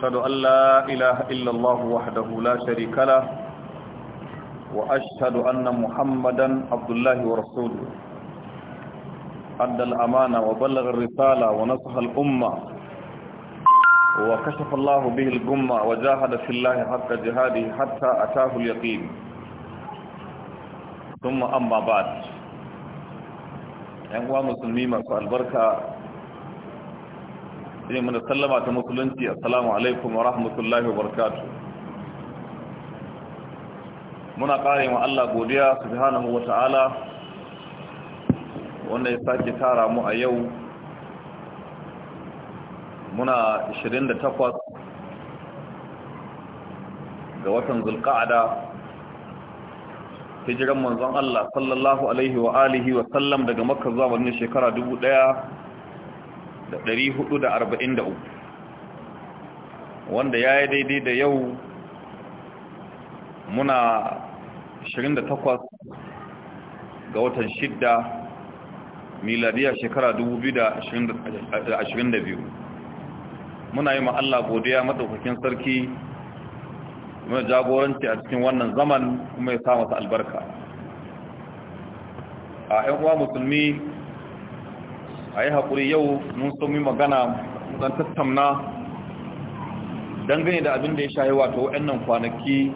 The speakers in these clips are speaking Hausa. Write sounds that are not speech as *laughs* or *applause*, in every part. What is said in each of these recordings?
وأشهد أن لا إله إلا الله وحده لا شريك له وأشهد أن محمدا عبد الله ورسوله أدى الأمانة وبلغ الرسالة ونصح الأمة وكشف الله به الجمة وجاهد في الله حق جهاده حتى أتاه اليقين ثم أما بعد ‘yan uwa musulmi masu albarka sai muna sallama ta musulunci assalamu alaikum wa rahmatullahi wa barakatuh muna kare wa Allah godiya subhanahu wa ta'ala wanda ya sake tara mu a yau muna 28 ga watan zulqa'ada hijiran manzon Allah sallallahu alaihi wa alihi wa sallam daga makka zuwa wannan shekara da 443 wanda ya yi daidai da yau muna 28 ga watan 6 miladiyar shekara 2022 muna yi ma'alla godiya matsaukakin sarki mai jagoranci a cikin wannan zaman kuma ya sa masu albarka a 'yan uwa musulmi a yi haƙuri yau mun so mi magana don tattamna dangane da abin da ya shahi wato wa'annan kwanaki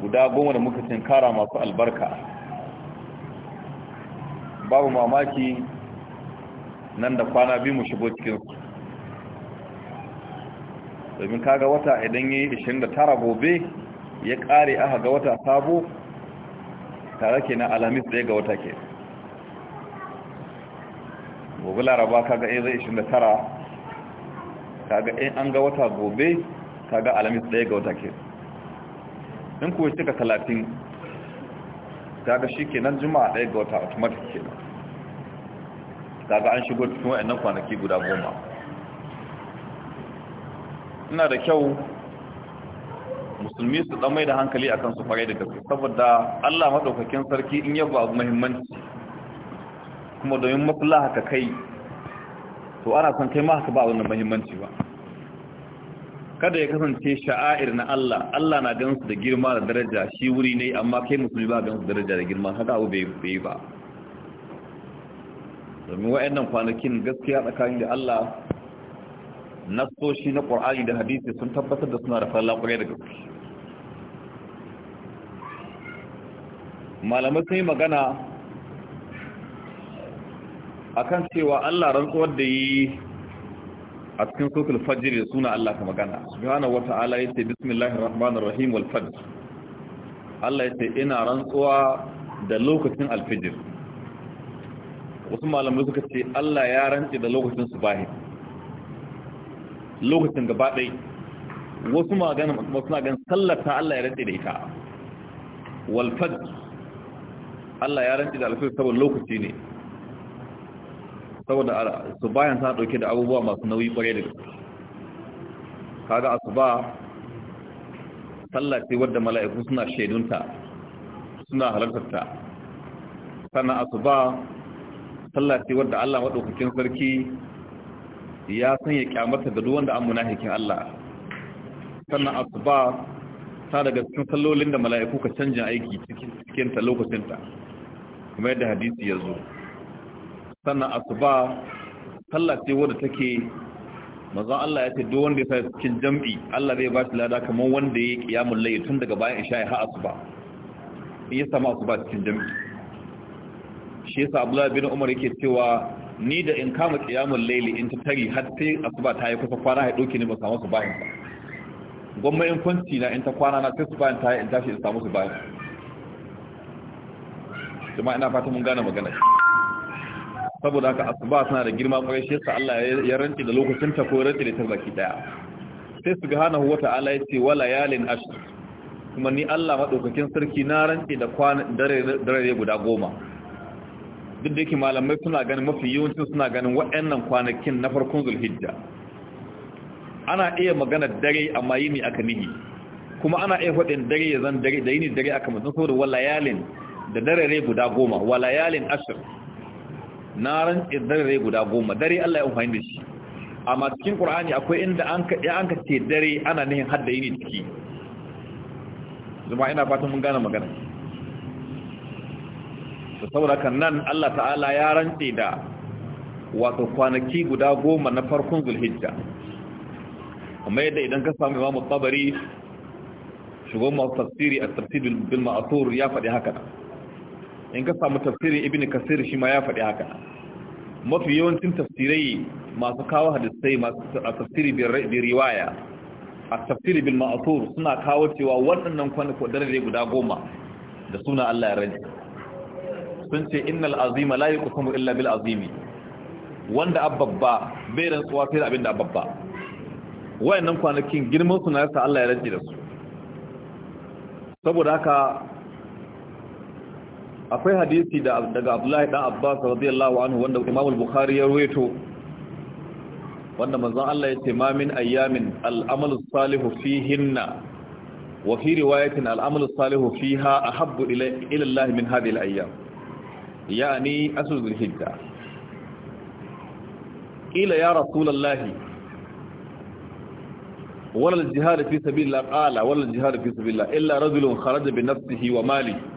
guda goma da muka tinkara masu albarka babu mamaki nan da kwana biyu mu shigo cikinsu domin kaga wata idan yi 29 gobe ya ƙare aka ga wata sabo tare ke na alamis ya ga wata ke gobe laraba kaga in eh zai 29 kaga in eh an ga wata gobe kaga alamis ɗaya ga wata ke in kuwa cika 30 kaga shi ke nan juma'a ɗaya ga wata automatic ke nan kaga an shigo cikin wa'annan kwanaki guda goma ina da kyau musulmi su ɗan mai da hankali a kansu kwarai da gaske saboda Allah maɗaukakin sarki in yaba abu muhimmanci kuma domin maslaha ka kai to ana son kai ma haka ba wannan mahimmanci ba kada ya kasance sha'air na Allah Allah na ganin su da girma da daraja shi wuri ne amma kai musulmi ba ganin su daraja da girma haka abu bai yi ba domin wa'annan kwanakin gaskiya tsakanin da Allah nasoshi na ƙur'ani da hadisi sun tabbatar da suna da falla ƙwarai da gaske malamai sun yi magana akan cewa Allah rantsuwar da yi a cikin sokul fajr da suna Allah ka magana subhanahu wata'ala yace bismillahir rahmanir rahim wal fajr Allah yace ina rantsuwa da lokacin alfijir wasu malamai suka ce Allah ya rantsi da lokacin subahi lokacin gaba ɗai wasu magana wasu na gan ta Allah ya rantsi da ita wal fajr Allah ya rantsi da alfijir saboda lokaci ne saboda su bayan ta dauke da abubuwa masu nauyi kware da gaske kaga asuba sallah ce wadda mala'iku suna shaidunta suna halartarta sannan asuba sallah ce wadda Allah madaukakin sarki ya sanya kyamata da duk wanda amuna hikin Allah sannan asuba ta daga cikin sallolin da mala'iku ka canja aiki cikin ta lokacin ta kuma yadda hadisi ya zo sannan asuba sallah ce wadda take manzon Allah ya ce duk wanda ya sa cikin jam'i Allah zai ba shi lada kamar wanda ya yi qiyamul layl tun daga bayan isha har asuba in ya samu asuba cikin jam'i shi yasa Abdullah bin Umar yake cewa ni da in kama qiyamul layl in ta tari har sai asuba ta yi kusa kwana ya doke ni ba samu su bayan ba gwamma in kwanci na in ta kwana na sai su bayan ta yi in tashi in samu su bayan jama'a ina fata mun gane magana saboda haka asuba suna da girma kwarai shi yasa Allah ya rantsi da lokacin ta ko rantsi da ta baki daya sai su subhanahu wata'ala yace wala yalin ashr kuma ni Allah madaukakin sarki na rantsi da kwan dare dare guda goma duk da yake malamai suna ganin mafi yawancin suna ganin waɗannan kwanakin na farkon zulhijja ana iya magana dare amma yini aka nihi kuma ana iya faɗin dare ya zan dare da yini dare aka mutum saboda walayalin da dare guda goma walayalin ashr na rantsi dare guda goma dare Allah ya amfani da shi amma cikin Qur'ani akwai inda an ka an ka ce dare ana nihin hadda yini ciki zuma ina fatan mun gane magana to saboda kan nan Allah ta'ala ya rantsi da wato kwanaki guda goma na farkon Zulhijja amma yadda idan ka samu Imam Tabari shugo mu tafsiri a tafsir bil ma'thur ya faɗi haka in ka samu tafsirin ibn kasir shi ma ya faɗi haka mafi yawancin tafsirai masu kawo hadisai masu tafsiri bi riwaya a tafsiri bil ma'asur suna kawo cewa waɗannan ko darare guda goma da suna Allah ya rage sun ce innal azima la yuqsamu illa bil azimi wanda ababba bai rantsuwa sai da abinda ababba wayannan kwanakin girman su na yasa Allah ya rage da su saboda haka akwai hadisi daga abdullahi Ɗan abbas radiyallahu anhu wanda imam al-bukhari ya rawaito wanda manzon Allah ya ce ma min ayyamin al-amalu salihu fihinna wa fi riwayatin al-amalu salihu fiha ahabbu ila ila Allah min hadhihi al-ayyam yani asr al-hijja ila ya rasulullahi wala al-jihad fi sabilillah qala wala al-jihad fi sabilillah illa rajulun kharaja bi nafsihi wa malihi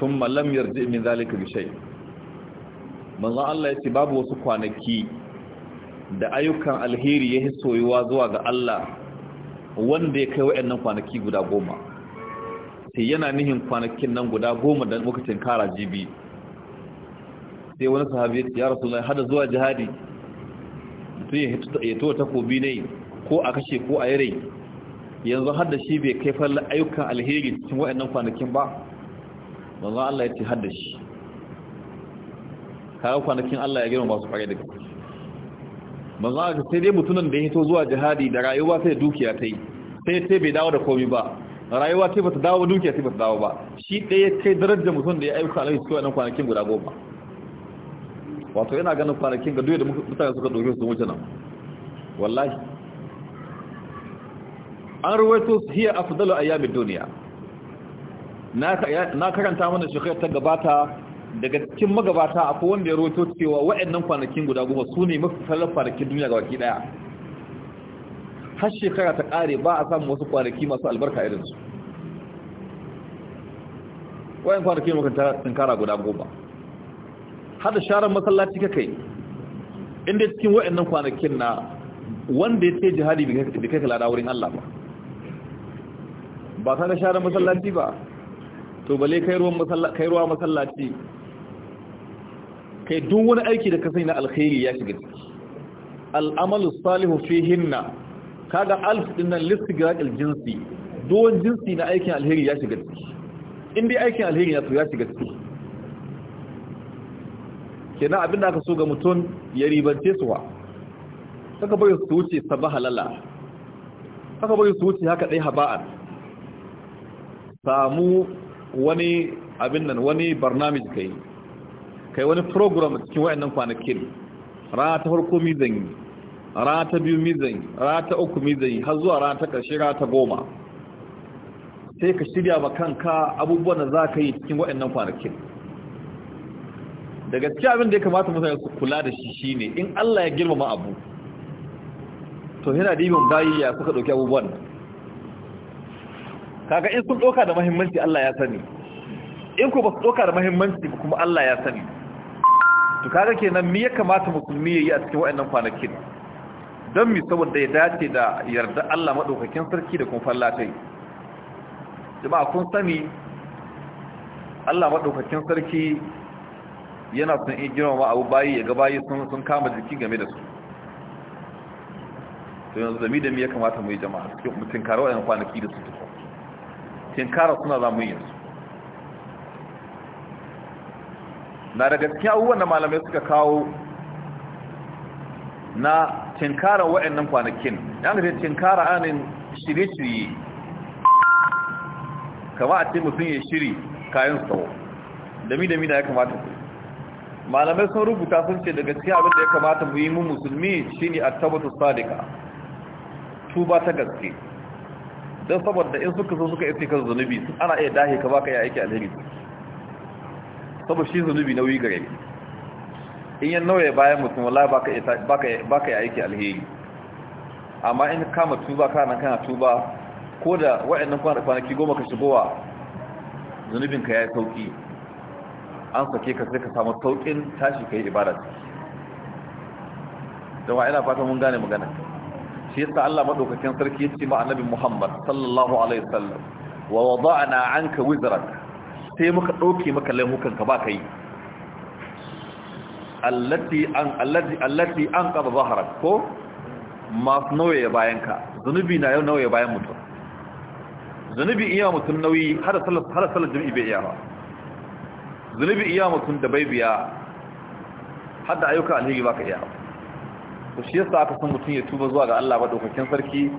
tun malam yarji min zalika bi shay manzo Allah yace babu wasu kwanaki da ayyukan alheri ya soyuwa zuwa ga Allah wanda ya kai wayannan kwanaki guda goma sai yana nihin kwanakin nan guda goma da muka tinkara jibi sai wani sahabi ya ce ya rasulullahi hada zuwa jihadi mutum ya to takobi ne ko a kashe ko a yare yanzu har da shi bai kai falla ayyukan alheri cikin wayannan kwanakin ba manzon Allah ya ce hada shi kawo kwanakin Allah ya girma ba su fare da gaske manzon Allah sai dai mutunan da ya hito zuwa jihadi da rayuwa sai dukiya ta yi sai sai bai dawo da komai ba rayuwa sai bata dawo dukiya sai bata dawo ba shi ɗaya kai darajar mutum da ya aiki kwanaki su nan kwanakin guda goma wato yana ganin kwanakin ga duk da mutane suka doke su wuce nan wallahi an ruwaito hiya afdalu ayyamid duniya na karanta mana shekarar ta gabata daga cikin magabata akwai wanda ya roto cewa waɗannan kwanakin guda goma su ne mafi sallar kwanakin duniya ga waki ɗaya har shekara ta kare ba a samun wasu kwanaki masu albarka irinsu kwanakin kwanaki makon kara guda goma har da sharar masallaci kakai inda cikin waɗannan kwanakin na wanda ya ce jihadi da kai da wurin Allah ba ba ta da sharar masallaci ba to bale kai ruwa masallaci kai duk wani aiki da ka sai na alkhairi ya shiga ciki al'amalu salihu fihinna kaga alf din nan listigraqil jinsi wani jinsi na aikin alheri ya shiga ciki in dai aikin alheri na to ya shiga ciki kenan abinda aka so ga mutum ya ribance suwa saka bari su wuce sabaha halala. saka bari su wuce haka dai haba'an samu wani abin nan wani barnamij kai kai wani program cikin wayannan kwanakin rana ta farko mi rana ta biyu mi rana ta uku mi har zuwa rana ta ƙarshe rana ta goma sai ka shirya ma kanka abubuwan da za ka yi cikin wayannan kwanakin da gaske abin da ya kamata mutane su kula da shi shine in Allah ya girmama abu to yana dibin bayi ya suka ɗauki abubuwan nan kaga in sun doka da mahimmanci Allah ya sani in ku ba su doka da ba kuma Allah ya sani to kaga kenan me ya kamata musulmi yayi a cikin wayannan kwanakin don mi saboda ya dace da yarda Allah madaukakin sarki da kuma fallatai jama'a kun sani Allah madaukakin sarki yana son in girma abu bayi ya ga bayi sun sun kama jiki game da su to yanzu da mi da mi ya kamata mu yi jama'a cikin mutun karo yan kwanaki da su tuko tinkara suna zamu yin su na daga cikin abubuwan da malamai suka kawo na tinkara wa'annan kwanakin yan gajin tinkara anin shirye-shirye kama a ce mutum ya shiri kayan sau. dami-dami da ya kamata ku malamai sun rubuta sun ce daga cikin abin da ya kamata mu yi mu musulmi ne a tabbatar sadika tuba ta gaske don saboda in suka zo suka yi kan zunubi ana iya dahe ka baka ya aiki alheri saboda shi zunubi nauyi gare in yan nauye bayan mutum wallahi baka ya aiki alheri amma in kama tuba kana kana tuba ko da wa'annan kwanaki goma ka shigowa zunubin ka ya yi sauki an sake ka sai ka samu sauƙin tashi ka yi ibada don wa ina fata mun gane magana shi yasa Allah madaukakin sarki yace ma annabi Muhammad sallallahu alaihi wasallam wa wada'na anka wizrak sai muka dauke maka laifukan ka ba kai allati an allati allati an qad zahrak ko ma nauye bayan ka zunubi na yau nauye bayan mutum zunubi iya mutum nauyi har sallar har sallar jami'i bai iya ba zunubi iya mutum da bai biya hadda ayyuka alhiji baka iya ba to shi yasa aka san mutum ya tuba zuwa ga Allah madaukakin sarki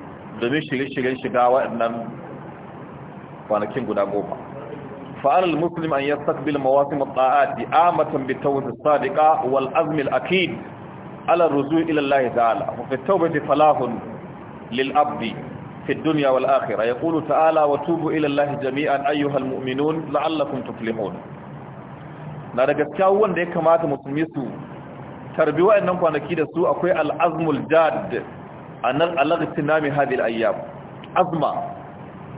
domin shirye-shiryen shiga waɗannan kwanakin guda goma fa'al al-muslim an yastaqbil mawasim at-ta'ati amatan bi tawbati sadiqa wal azm al-akid ala rujuu ila Allah ta'ala wa fi tawbati falahun lil abdi في الدنيا والآخرة يقول تعالى وتوبوا إلى الله جميعا أيها المؤمنون لعلكم تفلحون na daga kyawun da ya kamata musulmi su tarbi wa'annan kwanaki da su akwai al'azmul jad anan alagtinami hadhihi al-ayyam azma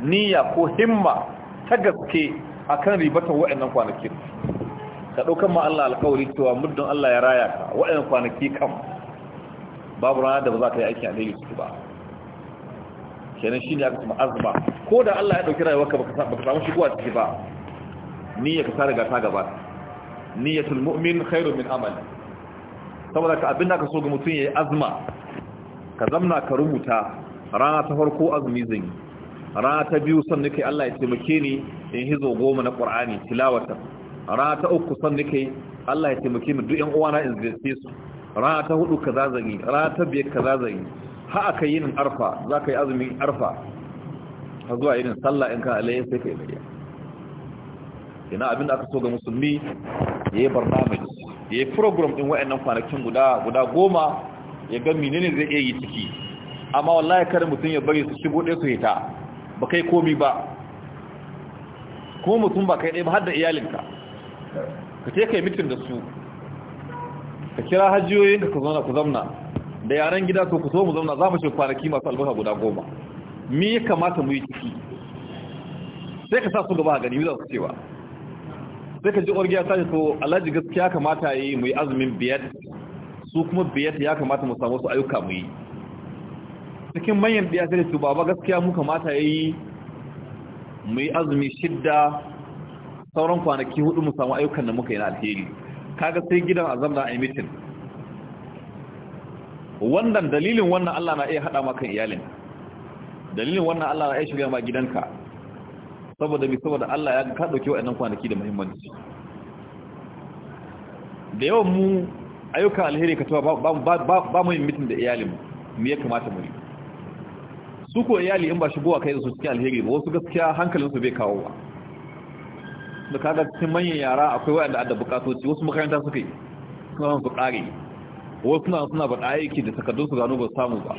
niyya ko himma ta gaske akan ribatan wa'annan kwanaki ka daukan ma Allah alƙawari cewa muddin Allah ya raya ka wa'annan kwanaki kam babu rana da ba za ka yi aiki a daidai su ba kenan shine aka kuma azma ko da Allah ya dauki rayuwarka baka baka samu shigowa ciki ba niyya ka sa riga ta gaba niyyatul mu'min khairun min amali saboda ka abin da ka so ga mutum ya yi azma ka zamna ka rubuta rana ta farko azumi zan yi rana ta biyu san nake Allah ya taimake ni in hizo goma na Qur'ani tilawata rana ta uku san nake Allah ya taimake ni duk ƴan uwana in ziyarce su rana ta hudu kaza zan yi rana ta biyar kaza zan yi ha aka yi nin arfa za ka yi azumin arfa ka zuwa yin sallah in ka alai sai ka yi bayyana ina abin da aka so ga musulmi ya yi ya yi program ɗin waɗannan kwanakin guda guda goma ya ga menene zai iya yi ciki amma wallahi kada mutum ya bari su shigo ɗaya su hita ba kai komi ba kuma mutum ba kai ɗaya ba har da iyalinka ka ce ka yi mitin da su ka kira hajiyoyin ka zauna ku zamna da yaren gida to ku so mu zamna za mu ce kwanaki masu albarka guda goma me ya kamata mu yi ciki sai ka sa su gaba a gani yi za su cewa sai ka ji orgiya ta ce to alhaji gaskiya kamata yi mu yi azumin biyar su kuma biyar ya kamata mu samu su ayyuka mu yi cikin manyan biya sai su baba gaskiya mu kamata yi mu yi azumi shidda sauran kwanaki hudu mu samu ayyukan da muka yi na alheri kaga sai gidan azam da ai mitin wannan dalilin wannan Allah na iya hada ma kan iyalin dalilin wannan Allah na iya shiga ma gidanka saboda bi saboda Allah ya ka wa ɗan kwanaki da muhimmanci da yawan mu ayyuka alheri ka tuwa ba mu yin mitin da iyalin mu ya kamata mu yi su ko iyali in ba buwa kai da su cikin alheri ba wasu gaskiya su bai kawo ba da kaga cikin manyan yara akwai waɗanda adda bukatoci wasu makaranta suka yi suna su kare. wasu suna suna ba aiki da takardun su gano ba samu ba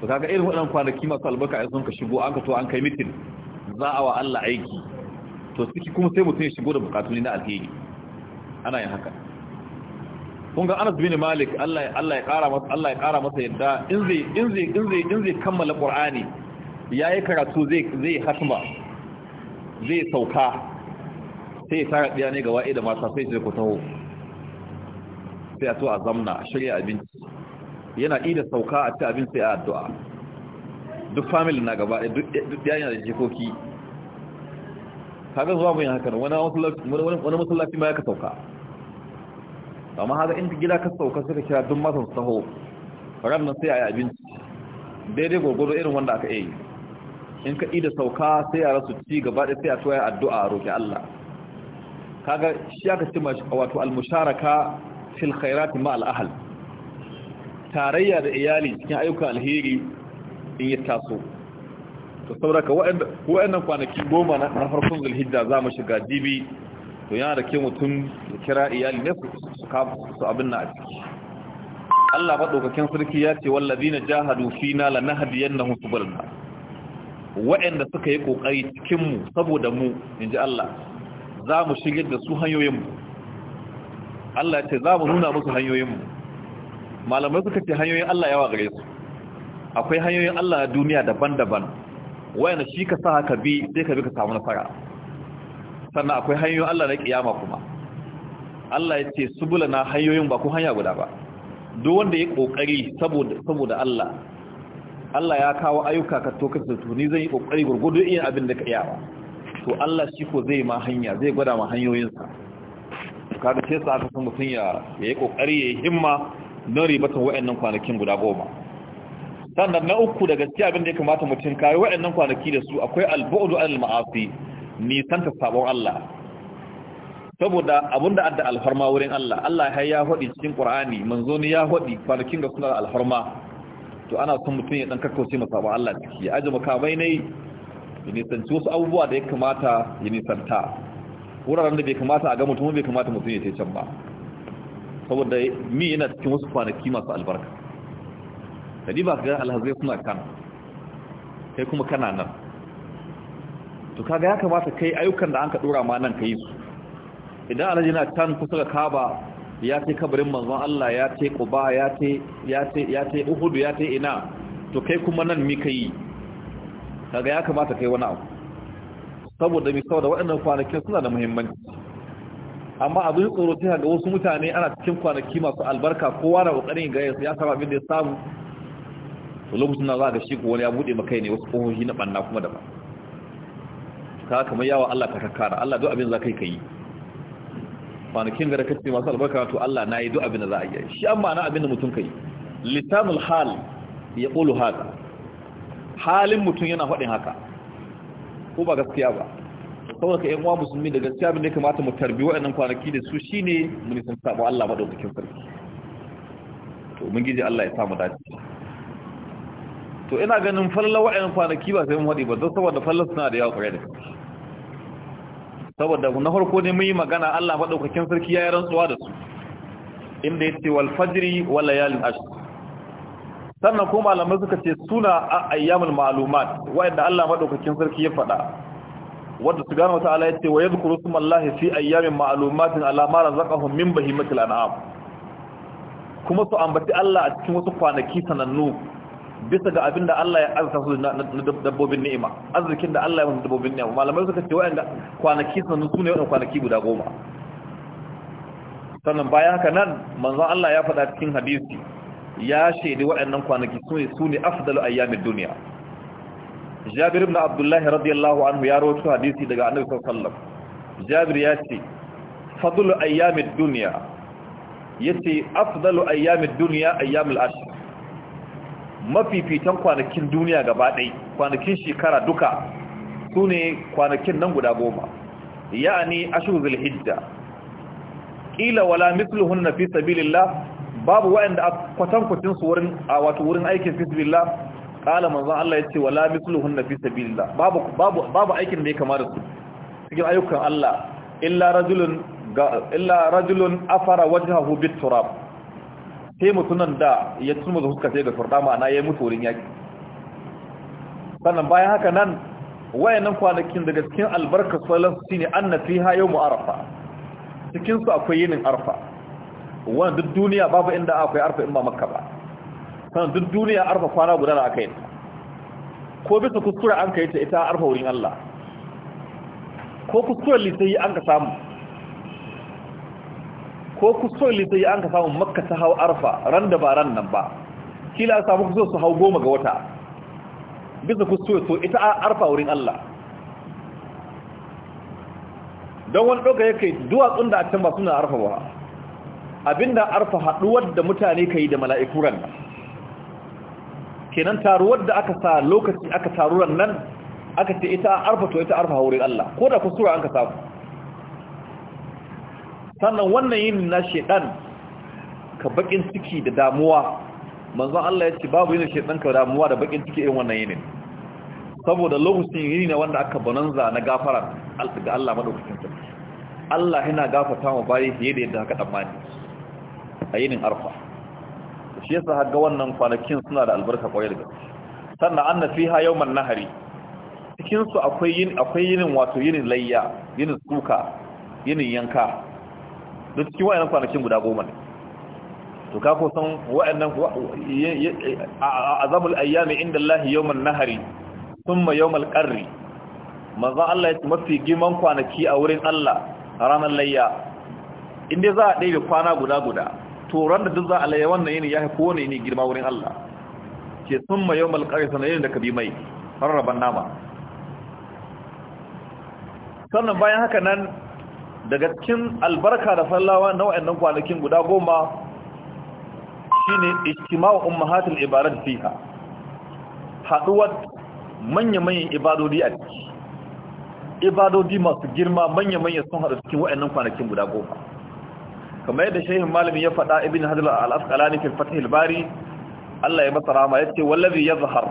da kaga irin waɗannan kwanaki masu albarka a sun ka shigo an ka to an kai mitin za a wa Allah aiki to ciki kuma sai mutum ya shigo da bukatu na alheri ana yin haka kun ga Anas bin Malik Allah Allah ya kara masa Allah ya kara masa yadda in zai in zai in zai in zai kammala Qur'ani yayi karatu zai zai hasma zai sauka sai ya fara biya ne ga wa'i da mata sai ku taho sai a to a zamna a shirya abinci yana ida sauka a ci abin sai a addu'a duk family na gaba duk yayin da jikoki kaga zuwa bayan haka wani wani masallaci ma ya ka sauka amma haka inda gida ka sauka suka kira duk masan saho ran nan sai a yi abinci daidai gwargwado irin wanda aka yi in ka ida sauka sai yara su ci gaba da sai a tuwaya addu'a a Allah kaga shi aka ce wato al-musharaka fil khairati ma al-ahl tarayya da iyali cikin ayyukan alheri in ya taso to sauraka wa'annan kwanaki goma na harfin zulhijja za mu shiga dibi to yana da ke mutum da kira iyali ne su su abin na a ciki Allah maɗaukakin sarki ya ce wallazi na jahadu fina la nahdiyan nahum subulna wa'anda suka yi kokari cikin mu saboda mu inji Allah za mu shigar da su hanyoyin mu Allah ya ce za mu nuna musu hanyoyin mu malamai suka ce hanyoyin Allah yawa gare su akwai hanyoyin Allah na duniya daban-daban wayanda shi ka sa ka bi sai ka bi ka samu nasara sannan akwai hanyoyin Allah na kiyama kuma Allah ya ce subula na hanyoyin ba ku hanya guda ba duk wanda ya kokari saboda saboda Allah Allah ya kawo ayyuka ka to kace to ni zan yi kokari gurgudu iya abin da ka iya ba to Allah shi ko zai ma hanya zai gwada ma hanyoyinsa kaga sai sa ka san mutun ya yi kokari ya himma don ribatan wayannan kwanakin guda goma sannan na uku da gaskiya abin da ya kamata mutum kayi waɗannan kwanaki da su akwai albu'du anil ma'asi nisan ta sabon Allah saboda abinda adda alfarma wurin Allah Allah ya ya hodi cikin Qur'ani manzo ne ya hodi kwanakin da suna alfarma to ana son mutum ya dan kakkauce masa sabon Allah ciki aje makamai ne ya nisanci wasu abubuwa da ya kamata ya nisanta wuraren da bai kamata a ga mutum bai kamata mutum ya ce can ba saboda mi yana cikin wasu kwanaki masu albarka kadi ba ga alhazai suna kan kai kuma kana nan to kaga ya kamata kai ayyukan da an ka dora ma nan kai su idan alhaji na can kusa ga kaba ya ce kabarin manzon Allah ya ce quba ya ce ya ce ya ce uhud ya ce ina to kai kuma nan mi kai kaga ya kamata kai wani abu saboda mi saboda waɗannan kwanakin suna da muhimmanci amma abin tsoro ta ga wasu mutane ana cikin kwanaki masu albarka kowa na kokarin ga ya saba abin da ya samu to lokacin da za ka shi wani ya bude maka ne wasu kohohi na banna kuma daban ka kama yawa Allah ka kakkara Allah duk abin za ka yi ka yi kwanakin gara da kace masu albarka to Allah na yi duk abin da za a yi shi amma na abin da mutum ka yi lisanul hal ya qulu haka halin mutum yana faɗin haka ko ba gaskiya ba saboda ka yan uwa musulmi da gaskiya abin da ya kamata mu tarbi waɗannan kwanaki da su shine mun san sabo Allah madaukakin sarki to mun gije Allah ya samu dace to ina ganin falla wa'in kwanaki ba sai mun haɗi ba don saboda falla suna da yawa kwarai da saboda na farko ne mun yi magana Allah maɗaukakin sarki ya yi rantsuwa da su inda ya ce wal fajri wal layalin ashr sannan kuma malamai suka ce suna a ayyamul ma'lumat wa'inda Allah maɗaukakin sarki ya faɗa wadda su gano ta'ala ya ce wa yadhkuru Allah fi ayyamin ma'lumatin ala ma razaqahum min bahimatil an'am kuma su ambaci Allah a cikin wasu kwanaki sanannu bisa ga abin da Allah ya azurta su na dabbobin ni'ima arzikin da Allah ya musu dabbobin ni'ima malamai suka ce wa'anda kwanaki sannu su ne waɗanda kwanaki guda goma sannan bayan haka nan manzan Allah ya faɗa cikin hadisi ya shaidi waɗannan kwanaki su ne su ne afdalu ayyamin duniya Jabir ibn Abdullahi radiyallahu anhu ya rawaito hadisi daga Annabi sallallahu alaihi wasallam Jabir ya ce fadlu ayyamid dunya yace afdalu ayyamid dunya ayyamul ashr mafifitan kwanakin duniya gaba ɗai kwanakin shekara duka su ne kwanakin nan guda goma ya'ani ashu zulhijja ƙila wala misluhun na fi sabilillah babu wa'anda a kwatankwacin a wato wurin aikin fi sabilillah ƙala manzan Allah ya ce wala misluhun na fi sabilillah babu aikin da ya kama da su cikin ayyukan Allah illa rajulun illa rajulun afara wajhahu bit turab sai mutunan da ya tsuma da huska sai ga furda ma'ana ya mutu wurin yaki sannan bayan haka nan wayannan kwanakin daga cikin albarka salon su ne an na fi hayo mu arafa cikinsu akwai yinin Arafa. wani duk duniya babu inda akwai Arafa in ba makka ba sannan duk duniya Arafa kwana guda na aka yi ko bisa kuskure an ka yi ta ita arfa wurin allah ko lisa yi an ka samu ko kusurli sai an ka samu makka ta hau arfa ran da ba ran nan ba kila samu kusur su hau goma ga wata bisa kusur so ita arfa wurin Allah don wani ɗauka ya kai duwatsun da a can ba suna arfa ba abinda arfa haɗuwar da mutane ka yi da mala'ikuran nan kenan taruwar da aka sa lokaci aka taruran nan aka ce ita arfa to ita arfa wurin Allah ko da kusura an ka samu sannan wannan yin na shaidan ka bakin ciki da damuwa manzo Allah ya ce babu yin shaidan ka damuwa da bakin ciki irin wannan yinin saboda lokacin yin ne wanda aka bananza na gafara ga Allah madaukakin sarki Allah yana gafarta mu bari fiye da yadda haka tsammani a yinin arfa shi yasa har ga wannan kwanakin suna da albarka kwaye da gaske sannan anna fiha yawman nahari cikin su akwai yin akwai yinin wato yinin layya yinin suka yinin yanka duk cikin wa'annan kwanakin guda goma ne to ka ko san wa'annan azamul ayyami inda Allah yawmal nahari thumma yawmal qarri Maza Allah ya mafi giman kwanaki a wurin Allah ranar layya inda za a ɗaya kwana guda guda to ran da duk za a layya wannan yini ya ko ne ne girma wurin Allah ke thumma yawmal qarri sanayin da ka bi mai rarraban nama sannan bayan haka nan daga cikin albarka da fallawa na wayannan kwanakin guda goma shi ne istimawa ummahatil ibarat fiha haɗuwar manya-manyan ibadodi a ciki ibadodi masu girma manya-manya sun haɗu cikin wayannan kwanakin guda goma kamar yadda shehin malami ya faɗa ibn hajar al-asqalani fil fath al-bari Allah ya masa rahama yace wallazi yazhar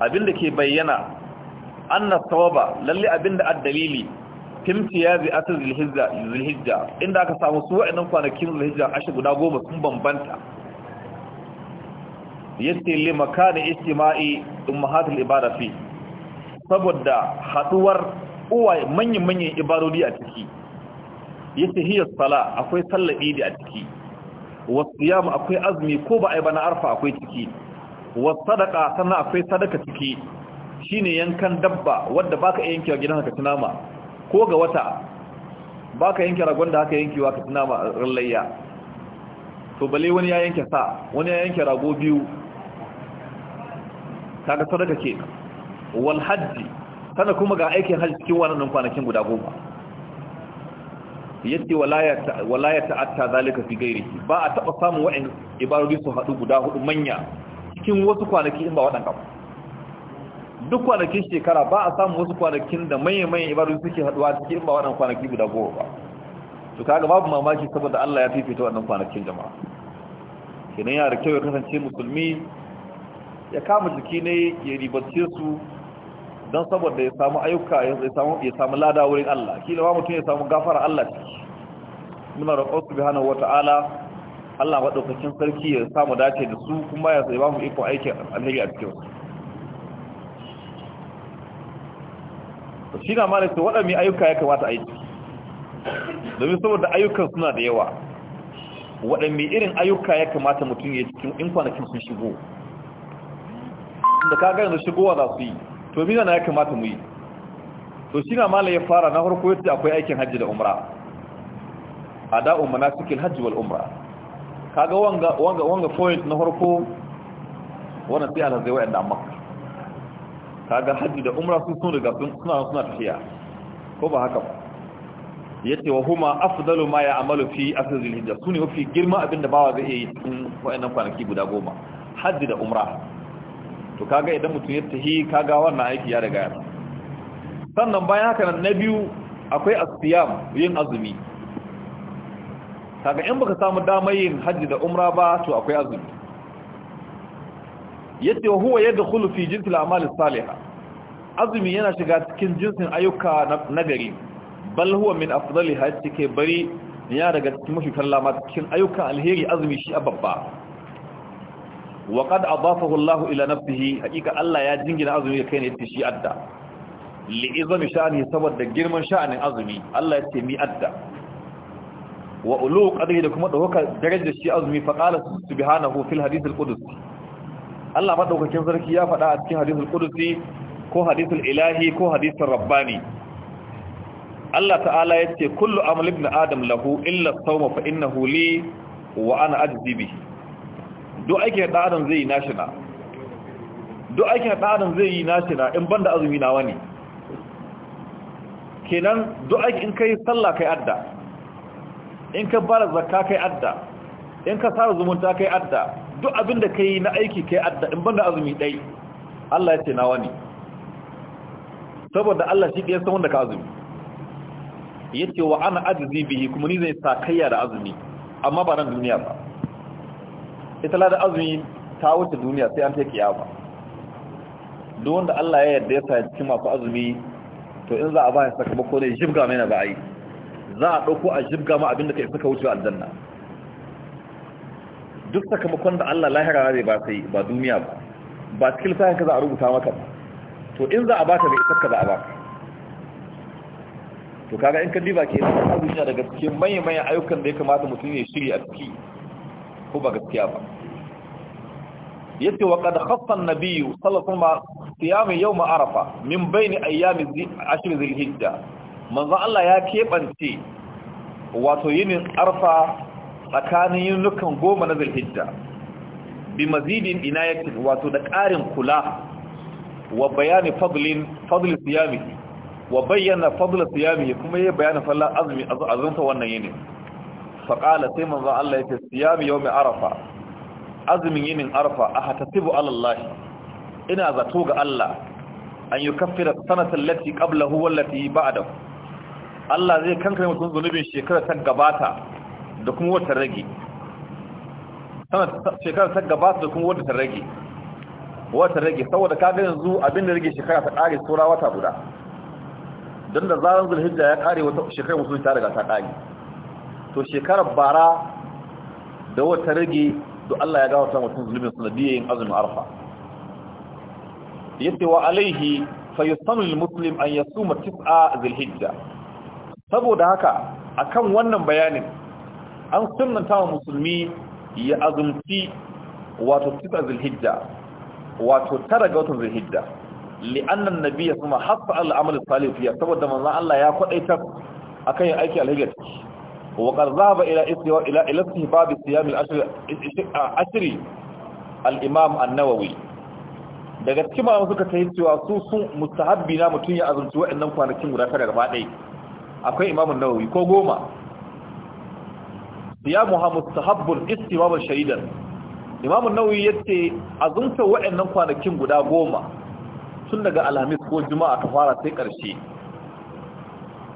abinda ke bayyana anna sawaba lalle abinda ad-dalili timtiya zai asir zulhijja inda aka samu su wa'annan kwanakin zulhijja ashe guda goma sun bambanta yace li makani istima'i ummahatul ibada fi saboda haduwar uwaye manyan manyan ibadodi a ciki yace hiya sala akwai sallar idi a ciki wasiyam akwai azumi ko ba ai bana arfa akwai ciki Wa sadaqa sannan akwai sadaka ciki shine yankan dabba wanda baka yankewa gidanka ka tunama ko ga wata ba ka yanke ragon da haka yankewa ka tuna rallayya to bale wani ya yanke sa wani ya yanke rago biyu ga sadaka ke wal hajji sana kuma ga aikin hajji cikin wannan kwanakin guda goma yadda walaya ta ta'atta zalika fi gairi, ba a taba samun wa'in ibarori su haɗu guda hudu manya cikin wasu kwanaki in ba waɗanda ba duk kwanakin shekara ba a samu wasu kwanakin da manya-manyan suke haduwa cikin ba waɗannan kwanaki guda goma ba to kaga babu mamaki saboda Allah ya fifita waɗannan kwanakin jama'a kenan yana da kyau ya kasance musulmi ya kama jiki ne ya ribace su don saboda ya samu ayyuka ya samu lada wurin Allah kila ma mutum ya samu gafara Allah ciki muna roƙon subhanahu wata'ala Allah madaukakin sarki ya samu dace da su kuma ya ba mu iko aikin alhari a cikin su shi na mana su waɗanne ayyuka ya kamata aiki domin saboda ayyukan suna da yawa waɗanne irin ayyuka ya kamata mutum ya cikin in kwanakin sun shigo da ka gani da shigowa za su yi to mina na ya kamata mu yi to shi na mana ya fara na harko yadda akwai aikin hajji da umra a da'un manasikil hajji wal umra kaga wanga wanga wanga point na harko wannan sai alhazai wa'anda a makka kaga hajji da umra sun sun riga suna suna tafiya ko ba haka ba yace wa huma afdalu ma ya'malu fi asr hijja suni fi girma abinda bawa zai yi cikin wayannan kwanaki guda goma hajji da umra to kaga idan mutum ya tahi kaga wannan aiki ya riga ya sannan bayan haka nan na biyu akwai asiyam yin azumi kaga in baka samu damar yin hajji da umra ba to akwai azumi yace huwa yadda fi jinsi a'mal saliha azumi yana shiga cikin jinsin ayyuka nagari bal huwa min afdaliha take bari ya daga cikin mafi kallama cikin ayyukan alheri azumi shi a babba wa qad adafahu Allah ila nafsihi hakika Allah ya jingina azumi ga kai ne yace shi adda li izami sha'ani saboda girman sha'anin azumi Allah yace mi adda wa ulu qadri da kuma dawaka darajar shi azumi fa qala subhanahu fil hadith al-qudsi Allah maɗaukakin sarki ya faɗa a cikin hadisul qudusi ko hadisul ilahi ko hadisul rabbani Allah ta'ala ya ce kullu amal ibn adam lahu illa as-sawm fa innahu li wa ana ajzi bihi Do aikin da adam zai yi nashina, na duk aikin da adam zai yi nashi in banda azumi na wani kenan do aikin kai sallah kai adda in ka bara zakka kai adda in ka sara zumunta kai adda duk abin da kai na aiki kai adda in banda azumi dai Allah ya ce nawa ne saboda Allah shi ya san wanda ka azumi yace wa ana ajzi bihi kuma ni zai sa kayya da azumi amma ba nan duniya ba ita la da azumi ta wuce duniya sai an ta kiyama duk wanda Allah ya yarda ya sa cikin masu azumi to in za a ba ya sakamako ne jibga mai na ba yi za a dauko a jibga ma abin da kai suka wuce aljanna duk sakamakon da Allah lahira zai ba sai ba duniya ba ba cikin lissafin ka za a rubuta maka ba to in za a baka mai isar ka za a baka to kaga in ka diba ke nan ka duniya daga cikin manyan manyan ayyukan da ya kamata mutum ya shirya a ciki ko ba gaskiya ba yace wa qad khaffa an-nabiy sallallahu alaihi wasallam siyam yawm arafa min bayni ayyam ashr dhil hijja manzo Allah ya kebance wato yinin arfa tsakanin yunukan goma na zulhijja bi mazidin inayatin wato da ƙarin kula wa bayani fadlin fadl siyamihi wa bayyana fadl siyamihi kuma yayi bayanin fallan azumi azunta wannan yini Faƙala, sai manzo Allah yake siyami yawmi arafa azumin yinin arafa ahatasibu ala Allah ina zato ga Allah an yi yukaffira sanata allati qablahu wallati ba'dahu Allah zai kankare mutum zunubin shekarar ta gabata da kuma wata rage shekara ta gabata da kuma wata rage wata rage saboda kaga yanzu abin da rage shekara ta kare tsora wata guda don da zaran zulhijja ya kare wata shekara musulun ta daga ta kare to shekarar bara da wata rage da Allah ya gawata mutum zulumin sanadiyyar azumin arfa yace wa alaihi fayusanu lil muslim an yasuma tis'a zulhijja saboda haka akan wannan bayanin an sunnanta wa musulmi ya azumci wato tisa zulhijja wato tara ga watan zulhijja li'annan nabiyya kuma hasa al'amal salih fiya saboda manzon Allah ya kwadaita akan yin aiki alhijja wa qad zahaba ila istiwa ila ila istihbab siyam al al-imam an-nawawi daga cikin malamu suka ta cewa su su mustahabbi na mutum ya azumci wa'annan kwanakin guda tara gaba ɗaya akwai imamun nawawi ko goma ya muhammad sahabbul istimaman shaidar imam nawawi yace azunta wa'annan kwanakin guda goma tun daga alhamis ko juma'a ta fara sai karshe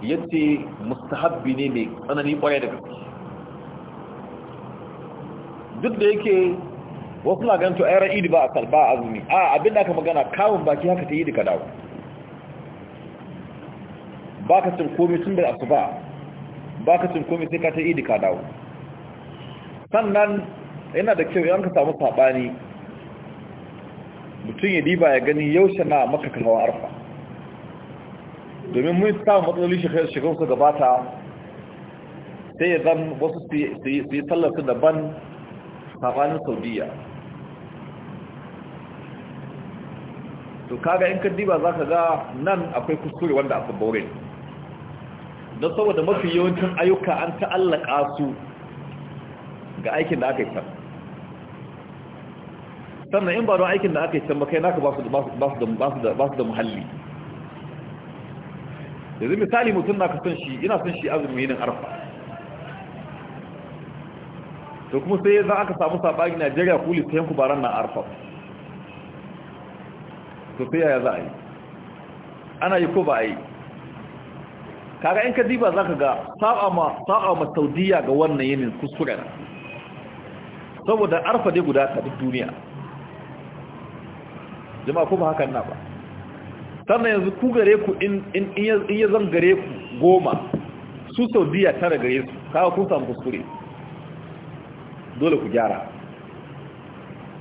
yace mustahabbi ne mai tsanani kwarai da gaske duk da yake wasu na ganin to ayar idi ba a kalba a azumi a abin da aka magana kawun baki haka ta yi da dawo ba ka cin komai tun da asuba ba ka cin komai sai ka ta yi ka dawo sannan yana da kyau yanka samu saɓani mutum ya diba ya gani yaushe na maka kawo arfa domin mun samu matsaloli shekaru su gabata sai ya zan wasu su yi tallafi daban saɓanin saudiya to kaga in ka diba za ka ga nan akwai kuskure wanda aka bore don saboda mafi yawancin ayyuka an ta'allaka su ga aikin da aka yi can sannan in ba don aikin da aka yi can ba kai naka ba su da muhalli yanzu misali mutum na son shi ina son shi azumi yinin arfa to kuma sai za aka samu saɓani najeriya kuli ta yanku baran na arfa to sai yaya za a yi ana yi ko ba a yi kaga in ka diba za ka ga sa'a ma saudiya ga wannan yinin kuskuren. saboda arfa dai guda ta duk duniya jama'a kuma hakan na ba sannan yanzu ku gare ku in ya zan gare ku goma su saudiya tara gare su kawo kun samu kuskure dole ku gyara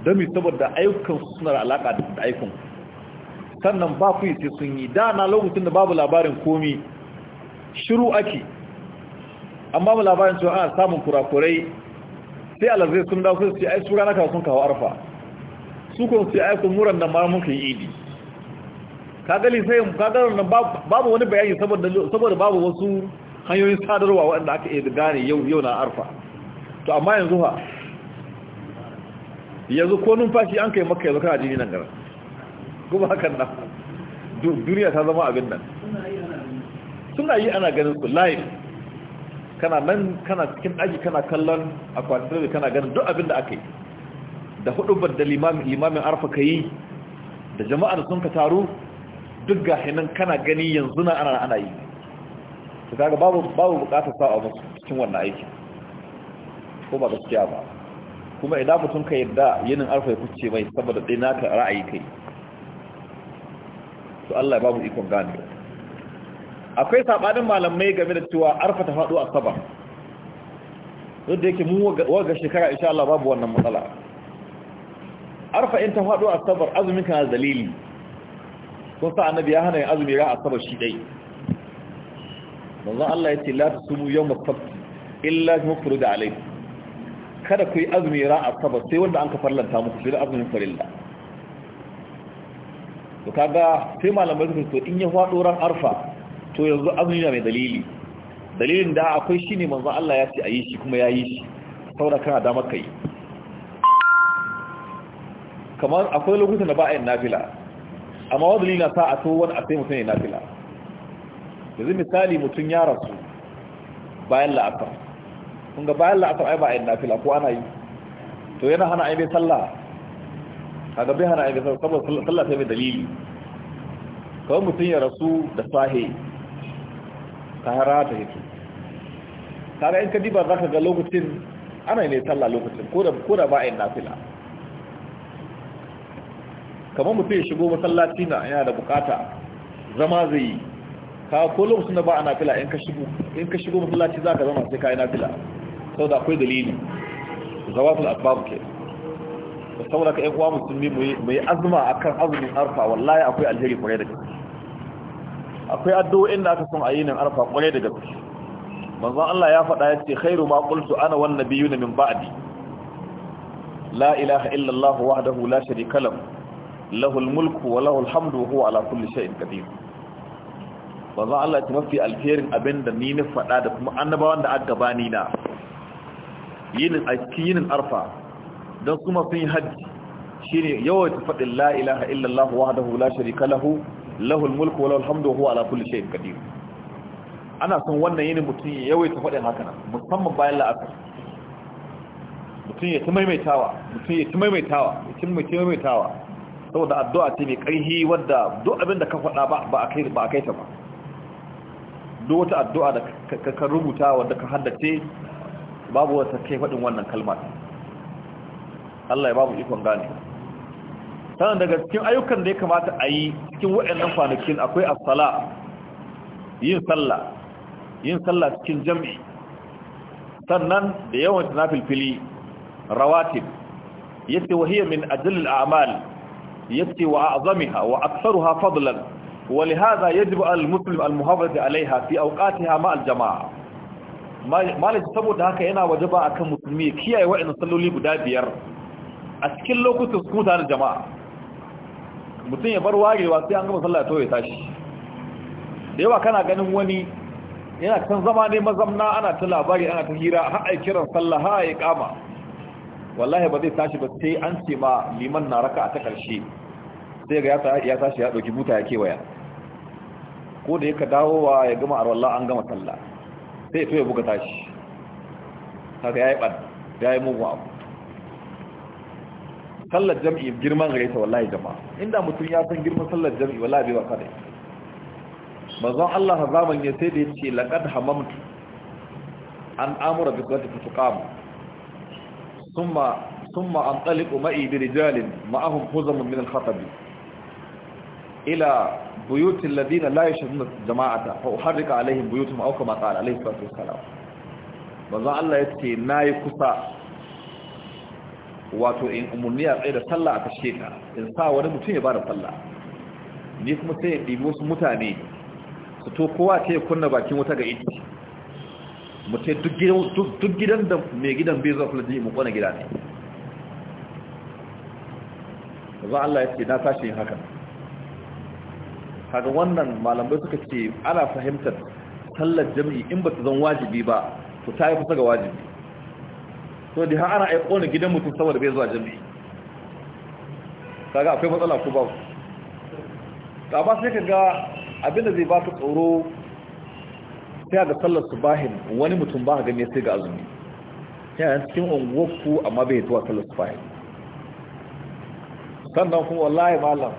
don mi saboda ayyukan suna da alaƙa da aikun sannan ba ku yi sai sun yi da na lokacin da babu labarin komi shiru ake Amma mu labarin cewa ana samun kurakurai sai alazai sun dawo sai ai su rana kawo sun kawo arfa su kun sai ai sun muran nan ma muka yi idi kagali sai kagar nan babu wani bayani saboda saboda babu wasu hanyoyin sadarwa waɗanda aka yi gane yau yau na arfa to amma yanzu ha yanzu ko numfashi an kai makka yanzu kana jini nan gara kuma hakan nan duniya ta zama abin nan suna yi ana ganin su live kana nan kana cikin aji kana kallon akwatin da kana ganin duk abin da aka yi da hudubar da limamin arfa ka yi da jama'ar sun ka taru duk ga hinan kana gani yanzu na ana ana yi ta ga babu bukatar sa'a musu cikin wannan aiki ko ba gaskiya ba kuma idan mutum ka yadda yinin arfa ya kuce mai saboda dai naka ra'ayi kai su Allah babu ikon ganewa akwai sabanin malamai game da cewa arfa ta faɗo asabar duk da yake mu waga shekara insha Allah babu wannan matsala arfa in ta faɗo asabar azumin kana dalili ko sa annabi ya hana yin azumi ra asabar shi dai manzo Allah ya ce la tusumu yawm as-sabt illa bi mafrud kada ku yi azumi ra asabar sai wanda an ka farlanta muku shi azumin farilla to kaga sai malamai suka so in ya faɗo ran arfa to yanzu azumi na mai dalili dalilin da akwai shi ne manzan Allah ya ce a yi shi kuma ya yi shi saura kana damar ka yi kamar akwai lokutan da ba a yin nafila amma wa dalilin sa a wani a sai mutum ya nafila yanzu misali mutum ya rasu bayan la'asar kun ga bayan la'asar ai ba a yin nafila ko ana yi to yana hana ai bai sallah a gabe hana ai bai sallah saboda sallah sai mai dalili kawai mutum ya rasu da sahi tahara ta yake tare in ka diba za ka ga lokacin ana ne sallah lokacin ko da ba a nafila kamar mutum ya shigo masallaci na yana da bukata zama zai yi ka ko lokacin da ba a nafila in ka shigo masallaci za ka zama sai ka yi nafila sau da akwai dalili zawatul asbab ke saboda ka yan uwa musulmi mu yi azuma akan azumin arfa wallahi akwai alheri kwarai da gaske akwai addu'o'in da aka son a yi arfa kwarai da gaske manzon Allah ya faɗa ya ce khairu ma qultu ana wan nabiyuna min ba'di la ilaha illa Allah la sharika kalam. lahul mulku wa lahul hamdu wa huwa ala kulli sha'in qadir manzon Allah ya ce mafi alherin abinda ni na faɗa da kuma annabawan da aka gabani na yinin yinin arfa don kuma sun yi haji shine yawaita faɗin la ilaha illallahu Allah wahdahu la sharika lahu lahul mulku walal hamdu huwa ala kulli shay'in qadir ana son wannan yini mutum ya yawaita faɗin haka nan musamman bayan la'asar mutum ya ta maimaitawa mutum ya ta maimaitawa ya ta maimaitawa saboda addu'a ce mai ƙarfi wadda duk abin da ka faɗa ba ba a kai ta ba duk wata addu'a da ka rubuta wadda ka haddace babu wata kai fadin wannan kalmar Allah ya babu ikon gane sannan daga cikin ayyukan da ya kamata a yi cikin waɗannan kwanakin akwai asala yin sallah yin sallah cikin jam'i sannan da yawan filfili rawatib yace wahiyar min ajalil a'mal yace wa a'zamiha wa ha! fadlan ولهذا يجب على المسلم alaiha عليها في أوقاتها مع الجماعة مالك saboda haka yana wajaba kan musulmi kiyaye wa'annan salloli guda biyar a cikin lokutan su jama'a mutum ya bar warewa sai an gama sallah to ya tashi da yawa kana ganin wani yana can zama ne mazamna ana ta labari ana ta hira har ai kiran sallah har ai kama wallahi ba zai tashi ba sai an ce ma liman na raka ta karshe sai ga ya tashi ya dauki buta ya kewaya ko da yake dawowa ya gama arwalla an gama sallah sai to ya buga tashi haka yayi bad yayi mugun abu sallar jam'i girman gare wallahi jama'a inda mutum ya san girman sallar jam'i wallahi bai wasa da ita Allah ha zaman ya sai da ya ce laqad hamamtu an amura bi qati tuqam thumma thumma antaliqu ma'i bi rijalin ma'ahum huzamun min al-khatab ila buyut alladhina la yashhaduna jama'ata fa uharrika alaihim buyutum aw kama qala alaihi salatu wassalam manzon Allah na yi kusa wato in umarni a tsaye da sallah a kashe ta in sa wani mutum ya ba da sallah ni kuma sai ya ɗibi wasu mutane su to kowa ta yi kunna bakin wata ga ita mu duk gidan da mai gidan bai zuwa fulani mu kwana gida ne za Allah ya ce na tashi yin hakan haka wannan malamai suka ce ana fahimtar sallar jam'i in ba ta zan wajibi ba to ta yi kusa ga wajibi to da ana ai kona gidan mutum saboda bai zuwa jami'i kaga akwai matsala ko ba ta ba sai kaga abinda zai ka tsoro sai ga sallar subahin wani mutum ba ga ne sai ga azumi yana cikin unguwarku amma bai zuwa sallar subahin sannan kuma wallahi malam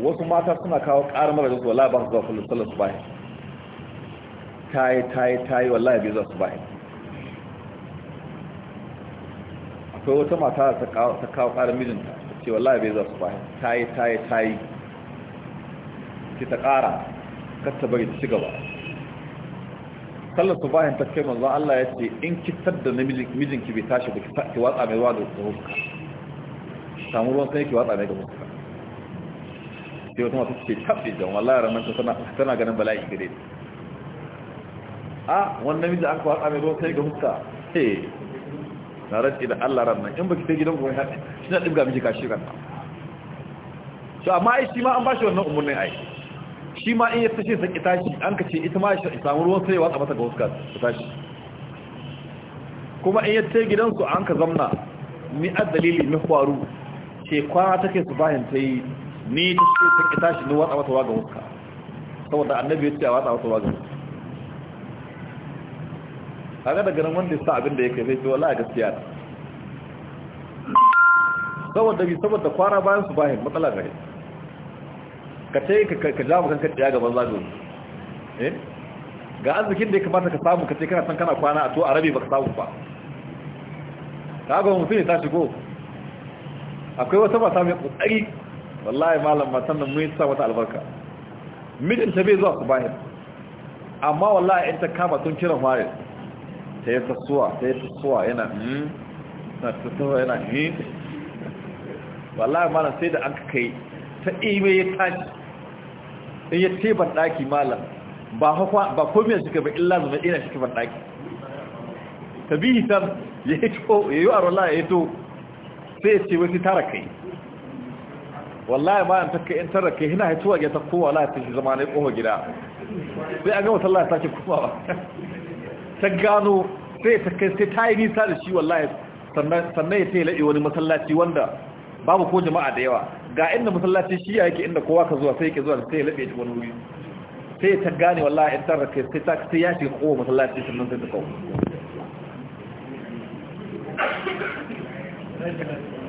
wasu mata suna kawo ƙarar marajin su wallahi ba su zuwa sallar subahin tayi tayi tayi wallahi bai zuwa subahin akwai wata mata ta kawo ƙarar mijinta ta ce wallahi bai za su ba ta yi ta yi ta yi ki ta ƙara katta bari ta shiga ba sallar su bayan ta kai manzan Allah ya ce in ki na da mijinki bai tashi ba ki watsa mai wa da hukuka samu ruwan sai ki watsa mai ga hukuka sai wata mata ce tabbi da wallahi ranar tana ganin bala'i gare a ah, wannan mijin aka watsa mai ruwan sai ga hukuka eh. tare da Allah ran nan in baki sai gidan ku haɗe shi na ɗibga miki kashi ran to amma ai shi ma an bashi wannan umurnin ai shi ma in ya tashi sa ki tashi an ka ce ita ma shi samu ruwan sai watsa mata ga huska ta tashi kuma in ya gidan su an ka zamna ni a dalili na kwaru ce kwana take su bayan ta yi ni ta ce ta ki tashi ni watsa mata wa ga huska saboda annabi ya ce a watsa mata wa ga huska kaga da ganin wanda ya sa abin da ya kai zai ce wallahi gaskiya ne saboda bi saboda kwana bayan su bahin matsala gare ka ce ka ja mu kanka tiya gaban zago eh ga arzikin da ya kamata ka samu ka ce kana san kana kwana a to a rabi baka samu ba kaga mutum ne tashi ko akwai wata mata mai kokari wallahi malam matan sannan mun sa mata albarka mijinta bai zuwa su bahin amma wallahi in ta kama sun kiran wayar ta yi tasuwa ta yi tasuwa yana na hmm? tasuwa yana hin hmm? wallahi malam sai da an ka kai ta ime ya tashi in ya ban daki malam ba komiyar ka ba illa zama ina shi ban daki ta bihi ta ya yi ko ya yi arola ya to sai ya ce wasu tara kai wallahi malam ta takka in tara kai hina haituwa ya ta kowa la ta shi zama na ya ƙofa gida sai an gama tallata ta ke kuma ba ta gano sai ta kai sai ta yi nisa da shi wallahi sannan ya ce laɗe wani masallaci wanda babu ko jama'a da yawa ga inda masallaci shi ya yake inda kowa ka zuwa sai yake zuwa sai ya laɗe wani wuri sai ta gane wallahi in tarra kai sai ta sai ya shiga kowa masallaci sannan sai ta kawo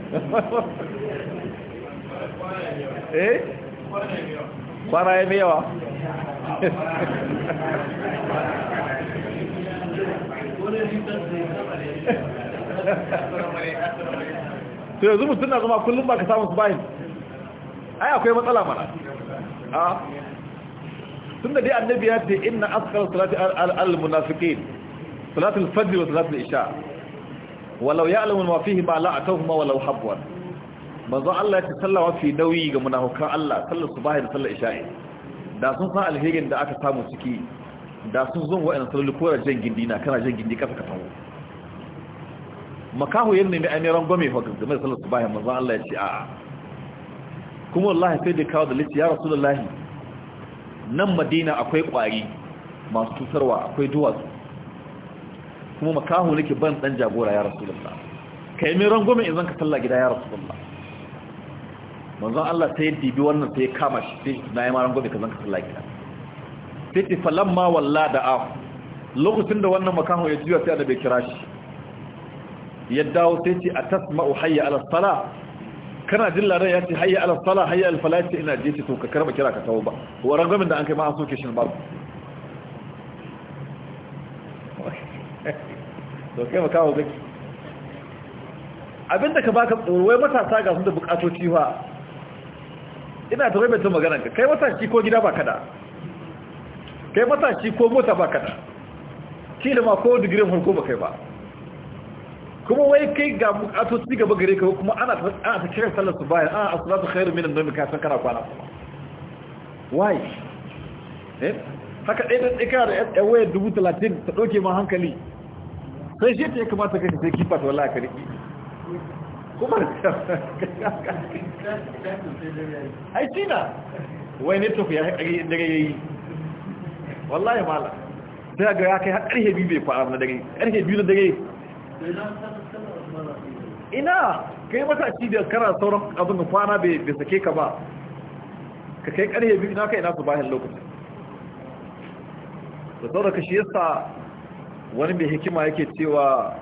*laughs* eh ya mai yawa *laughs* to yanzu mutum na zama kullum ba ka samun su bayan ai akwai matsala mana a tun da dai annabi ya ce inna askar salati al-munafiqin salati fajr wa salati isha walau ya'lamu ma fihi ma la atahuma walau habwan manzo Allah ya ce sallawa fi nauyi ga munafikan Allah sallar subahi da sallar isha'i da sun san alherin da aka samu ciki da sun zo wa saloli ko da jan gindi na kana jan gindi kasa ka makahu yin ne mai ainihin rangwame fa game da salar bayan, mazan Allah ya ce a kuma wallahi sai da kawo da liti ya rasu da lahi nan madina akwai kwari masu tutarwa akwai duwatsu kuma makahu nake ban dan jagora ya rasu da ka yi mai rangwame in zan ka sallah gida ya rasu da mazan Allah sai ya dibi wannan sai ya kama shi sai na yi ma rangwame ka zan ka sallah gida sai ce ma walla da a lokacin da wannan makamu ya juya sai adabai kira shi ya dawo sai ce a tasma'u hayya alasala kana jin larai ya ce hayya alasala hayya alfala ce ina je ce to ka karba kira ka tawo ba wa ragamin da an kai ma an soke shi babu *laughs* kai makaho abinda ka baka wai matasa ga sun da bukatoci ba ina ta mai tun magana ka kai wata shi ko gida ba kada kai mataki ko mota ba kada kila ma ko digirin farko ba kai ba kuma wai kai ga bukatoci gaba gare ka kuma ana ta kiran sallar su bayan ana ah, asalatu khairu minan nomi ka san kana kwana kuma why eh haka ɗaya da tsika da yan waye dubu talatin ta ɗauke ma hankali sai shi ta ya kamata kai sai kifa ta wallahi ka riƙi kuma ai shi na wai ne tafiya ya yi wallahi mala sai ga ya kai har ƙarfe biyu bai fara na dare ƙarfe biyu na dare ina kai ci da kana sauran abin kwana bai sake ka ba ka kai ƙarfe biyu na kai na su bayan lokacin da saboda ka shi yasa wani mai hikima yake cewa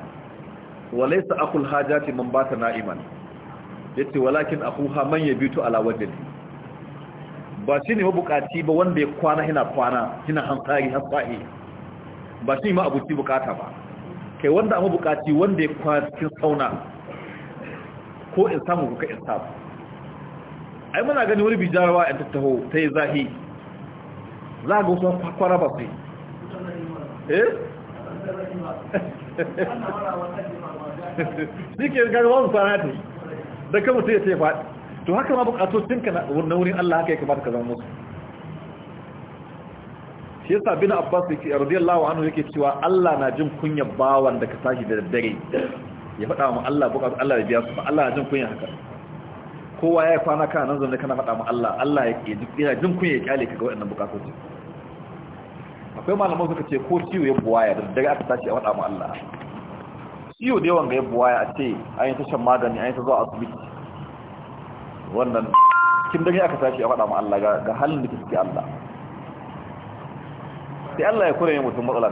walaisa akul hajati man bata na'iman yace walakin akuha man yabitu ala wajhi ba shi ne mabukaci ba wanda ya kwana hina kwana hina hankali hankali ba shi ma abuci bukata ba kai wanda a mabukaci wanda ya kwana cikin sauna ko in samu kuka in samu ai muna gani wani bijarawa yan tattaho ta yi zahi za ga wasu kwakwara ba sai eh? *laughs* shi ke gani wasu kwana ta yi da kama sai ya ce faɗi to haka ma bukatocinka na wurin Allah haka ya kamata ka zama musu shi yasa bin Abbas yake radiyallahu anhu yake cewa Allah na jin kunya bawan da ka tashi da daddare ya faɗa mu Allah bukatu Allah ya biya su Allah na jin kunya haka kowa ya kwana kana nan zanne kana faɗa mu Allah Allah ya jin kunya ya kyale ka ga waɗannan bukatoci akwai malamai suka ce ko ciwo ya buwaya da daga aka tashi a faɗa mu Allah ciwo da yawan ga ya buwaya a ce an yi shan magani an yi ta zuwa asibiti wannan kin dare aka tashi a faɗa ma Allah ga halin da suke Allah sai Allah ya kure ne mutum matsala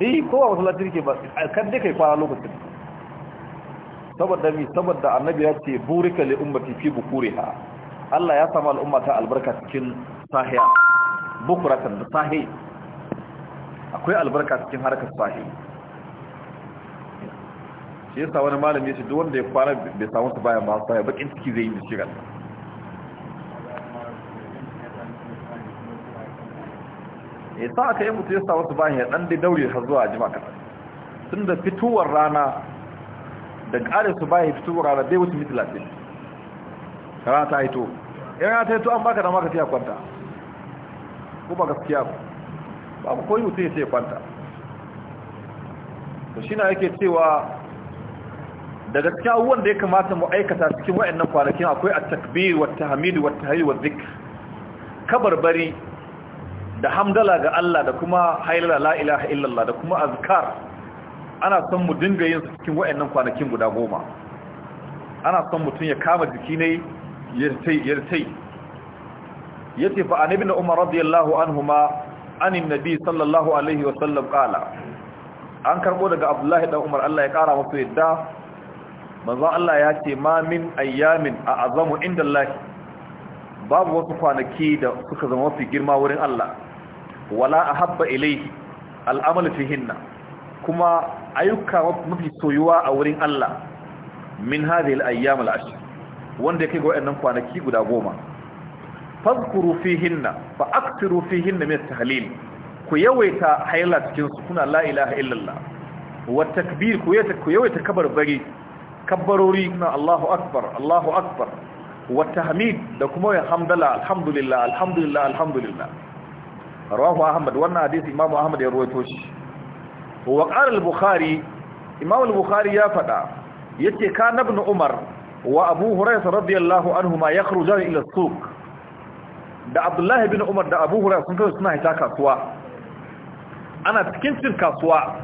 eh kowa wasu latirki ba kan dai kai kwana lokacin saboda mi saboda annabi ya ce burika li ummati fi bukuriha Allah ya sama al'umma ta albarka cikin sahiya bukuratan da sahiya akwai albarka cikin harkar sahi shi yasa wani malami shi duk wanda ya kwana bai samu su bayan masu sahi bakin ciki zai yi da shigar ya sa aka yi mutu ya samu su bayan ya dan dai daure har zuwa jima kasa tun da fitowar rana da ƙarin su bayan fitowar rana bai wuce lafiya? rana ta haito yana ta haito an baka da maka fiya kwanta ko ba gaskiya ba babu koyi mutum ya ce kwanta to shi na yake cewa daga kyawun da ya kamata mu aikata cikin wa'annan kwanakin akwai a takbir wa hamidu wa tahayyu wa zik kabarbari da hamdala ga Allah da kuma hailala la ilaha illallah da kuma azkar ana son mu dinga yin su cikin wa'annan kwanakin guda goma ana son mutum ya kama jiki ne yartai yartai yace ce na umar radiyallahu ma anin nabi sallallahu alaihi wa sallam kala an karbo daga abdullahi dan umar Allah ya kara masa yadda manzon Allah ya ce ma min ayyamin a azamu inda Allah babu wasu kwanaki da suka zama mafi girma wurin Allah wala ahabba ilayhi al'amalu fihinna kuma ayyuka mafi soyuwa a wurin Allah min hadhihi al-ayyam al-ashr wanda yake ga wayannan kwanaki guda goma fadhkuru fihinna fa aktiru fihinna min tahlil ku yawaita hayla cikin su kuna la ilaha illallah wa takbir ku yawaita ku yawaita kabarbari kabbarori kuna Allahu akbar Allahu akbar wa tahmid da kuma ya hamdala alhamdulillah alhamdulillah alhamdulillah rawahu ahmad wannan hadisi imam ahmad ya rawaito shi wa qala al-bukhari imam al-bukhari ya fada yace kana ibn umar wa abu hurairah radiyallahu anhuma yakhrujani ila as-suq da abdullahi bin umar da abu hura sun kai suna hita kasuwa ana cikin cin kasuwa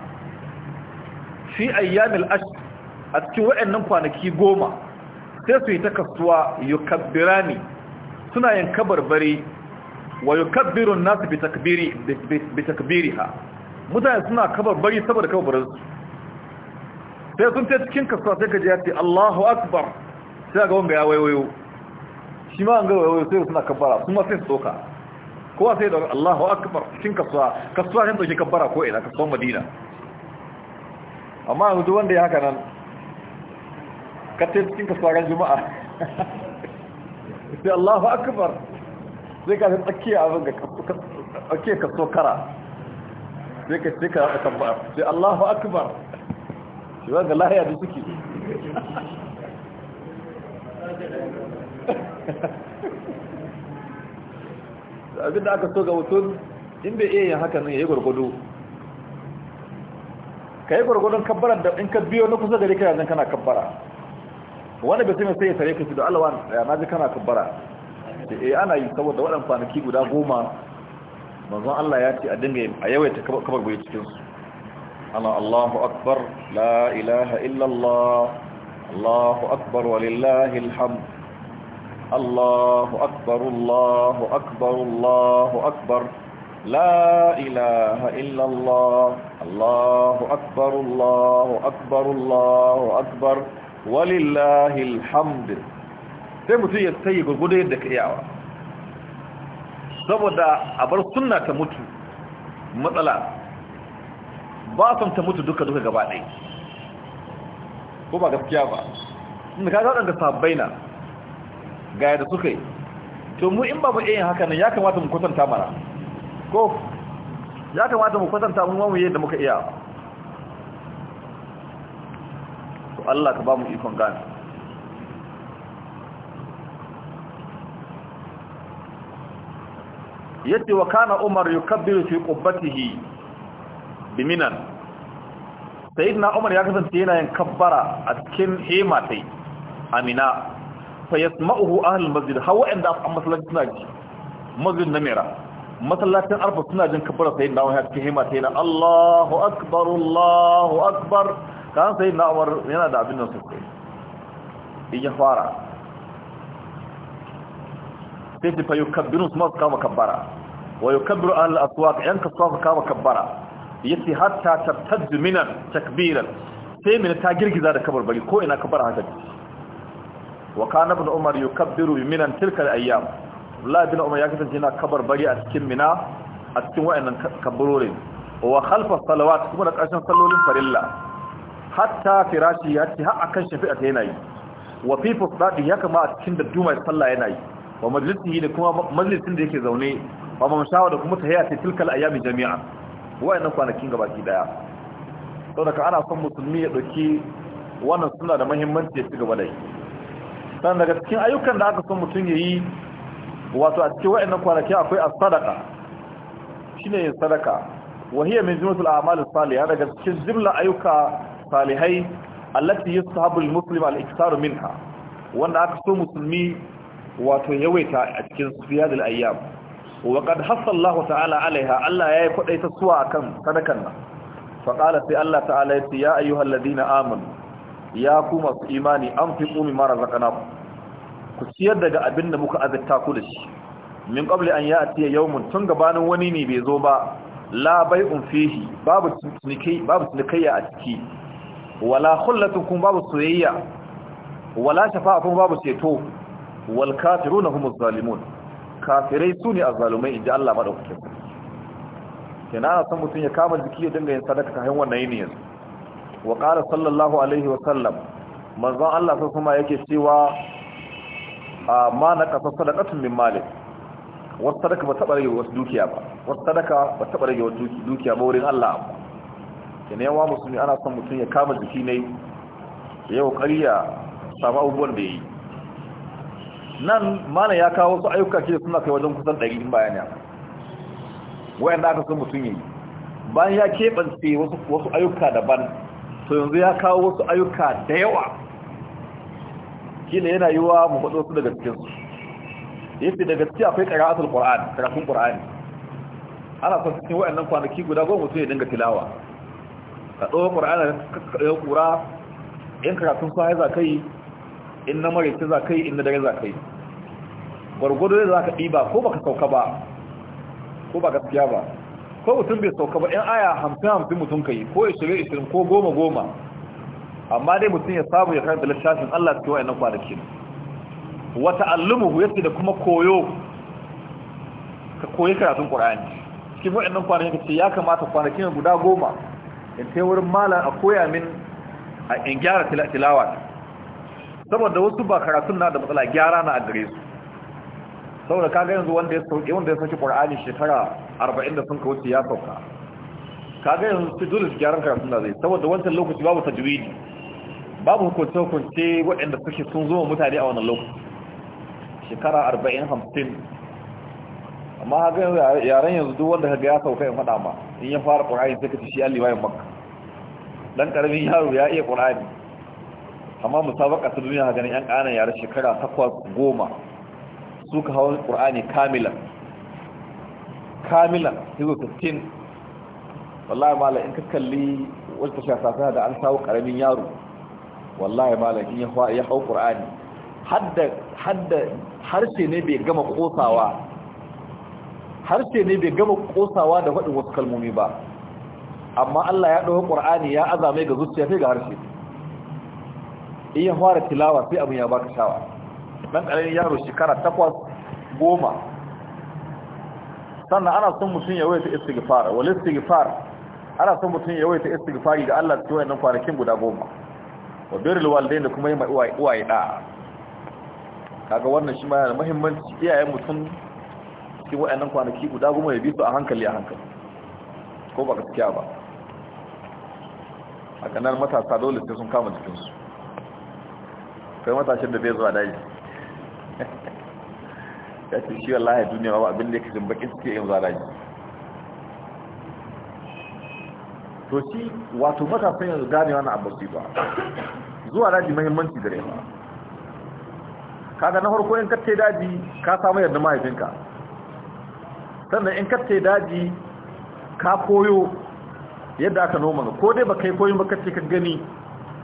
shi ayyamil ash a cikin waɗannan kwanaki goma sai su yi ta kasuwa yukabbirani suna yin kabarbari wa yukabbirun nasu bi takbiri bi takbiriha mutane suna kabarbari saboda kabarbarin su sai sun ce cikin kasuwa sai ka ji ya ce Allahu akbar sai ga wanga ya waiwayo shi ma an ga wayo sai suna kabbara kuma sai su doka kowa sai da Allahu akbar cikin kasuwa kasuwa ne dauke kabbara ko ina kasuwa Madina amma yanzu wanda ya haka nan kace cikin kasuwa ran juma'a *laughs* sai Allahu akbar sai ka a abin ga ake kasuwa kara sai ka tsika a kabbara sai Allahu akbar shi wanda lahiya da suke *laughs* abinda aka so ga mutum in bai iya yin haka nan ya yi gwargwado ka yi gwargwado kabbara da in ka biyo na kusa da ka yanzu kana kabbara wani bai sai sai ya tare ka su da alawa ya naji kana kabbara da eh ana yi saboda waɗannan kwanaki guda goma manzon Allah ya ce a dinga a yawaita kabar bai cikin su ana Allahu akbar la ilaha illallah Allahu akbar walillahi alhamdu الله أكبر الله أكبر الله أكبر لا إله إلا الله الله أكبر الله أكبر الله أكبر ولله الحمد sai mutum ya tsaye gurgudu yadda ka iyawa saboda a bar sunna ta mutu matsala ba son ta mutu duka duka gaba ko ba gaskiya ba inda ka zaɗa ga sabbai na ga yadda suka yi to mu in ba mu yin haka nan ya kamata mu kwatanta mara ko ya kamata mu kwatanta mu mu yadda muka iya to Allah ka ba mu ikon gane yadda wa kana Umar yukabbiru fi qubbatihi biminan minan na Umar ya kasance yana yin kabbara a cikin hema tai amina fa yasma'uhu ahlul masjid har wa'anda aka amma masallaci suna ji masjid na mera masallacin arfa suna jin kabbara sai na wani cikin hima sai na Allahu akbar Allahu akbar kan sai na Umar yana da abin da su kai in ya fara sai fa yukabbiru su masu kama kabbara wa yukabbiru ahlul aswaq yan kasuwa kama kabbara yasi hatta tartaddu minan takbiran sai mina ta girgiza da kabarbari ko ina kabbara haka wa kana ibn umar yukabbiru minan tilka al-ayyam Abdullah ibn Umar ya kasance yana kabar bari a cikin Mina a cikin wayannan kabbarorin wa khalfa salawat kuma da ƙarshen sallolin farilla hatta firashi ya ce har akan shafi'a ta yana yi wa fi ya kama a cikin da dumai sallah yana yi wa majlisihi da kuma majlisin da yake zaune wa mamshawa da kuma tahiyya ta tilkal ayyami jami'a wayannan kwanakin gabaki daya saboda ana son musulmi ya dauki wannan suna da muhimmanci ya ci gaba da yi sannan daga cikin ayyukan da aka son mutum ya yi wato a cikin wa'annan kwanaki akwai a sadaka shine yin sadaka wahiya min jimlatul a'malus salihah daga cikin jimla ayyuka salihai allati yusahabu al-muslim al-iktaru minha wanda aka so musulmi wato yawaita a cikin siyadul ayyam wa qad hassa ta'ala alaiha Allah yayi kwadaita suwa akan sadakan nan fa qala sai Allah ta'ala ya ayyuhalladhina amanu ya ku masu imani an fi ƙumi mara zakana ku ku ciyar daga abin da muka azurta ku da shi min ƙwabli an ya a tiya yawon tun gabanin wani ne bai zo ba Labai, bai unfihi babu cinikayya a ciki wala hullatun kun babu soyayya wala shafa'a kuma babu ceto wal kafiru na humus zalimun kafirai su ne a zalumai inji Allah maɗaukakin kenan ana son mutum ya kama jiki ya dinga yin sadaka ta hanyar wannan yini yanzu wa ƙara sallallahu alaihi wasallam manzan Allah sai kuma yake cewa ma na ƙasa sadakatun min malik wasu sadaka ba taɓa rage wasu dukiya ba wasu sadaka ba taɓa rage wasu dukiya ba wurin Allah da na yawa musulmi ana son mutum ya kama jiki ne yau ƙariya samu abubuwan da ya yi nan mana ya kawo wasu ayyuka ke suna kai wajen kusan ɗari in bayan ya wayan da aka san mutum ya yi bayan ya keɓance wasu ayyuka daban to yanzu ya kawo wasu ayyuka da yawa kila yana yi wa mu faɗo su daga cikinsu yace daga cikin akwai qira'atul qur'an karatun qur'ani ana son cikin wa'annan kwanaki guda goma mutum ya dinga tilawa ka ɗau qur'ani ka kura in karatun su haiza kai in na mare za kai in na dare za kai gwargwado ne za ka ɗiba ko ba ka sauka ba ko ba gaskiya ba ko mutum bai sauka ba yan aya hamsin hamsin mutum ka yi ko ya ishirin ko goma goma amma dai mutum ya samu ya da littafin Allah cikin wayannan kwanakin allumu ya ce da kuma koyo ka koyi karatun Qur'ani cikin wayannan kwanakin ce ya kamata kwanakin guda goma in wurin mala a koya min a in gyara tilawa saboda wasu ba karatun na da matsala gyara na a gare su saboda kaga yanzu wanda ya sauke wanda ya sauke ƙura'ani shekara arba'in da sun ka ya sauka kaga yanzu su dole su gyaran karatun da zai saboda wancan lokaci babu tajwidi babu hukunce hukunce waɗanda suke sun zo mutane a wannan lokaci shekara arba'in hamsin amma haka yanzu yaren yanzu duk wanda kaga ya sauka in faɗa ma in ya fara ƙur'ani sai ka ci shi an liwayin makka dan ƙaramin yaro ya iya ƙur'ani amma musabaka ta duniya haka ne yan ƙanan yare shekara takwas goma Su suka hawan ƙur'ani kamilan kamilan hizo 15 wallahi mala in ka kalli wata shafafa da an sawo karamin yaro wallahi mala in ya hau qur'ani hadda hadda harshe ne bai gama kosawa harshe ne bai gama kosawa da faɗin wasu kalmomi ba amma Allah ya ɗauki qur'ani ya azame ga zuciya sai ga harshe in ya fara tilawa sai abin ya baka shawa dan karamin yaro shekara 8 goma sannan ana son mutum ya waita istighfar wal istighfar ana son mutum ya waita istighfar ga Allah cikin wannan kwanakin guda goma wa birrul walidain da kuma yi mai uwaye da kaga wannan shi ma yana da muhimmanci iyayen mutum cikin wayannan kwanaki guda goma ya bi su a hankali a hankali ko ba gaskiya ba a nan matasa dole sai sun kama jikinsu kai matashin da bai zuwa daji *laughs* da ce shi wallahi duniya ba abin da yake jin bakin suke yin zara ji to shi wato matasan yanzu gane wani abu su ba zuwa daji mahimmanci gare ba kaga na farko in kattai daji ka samu yadda mahaifinka sannan in kattai daji ka koyo yadda aka noma ko dai ba kai koyon ba kace ka gani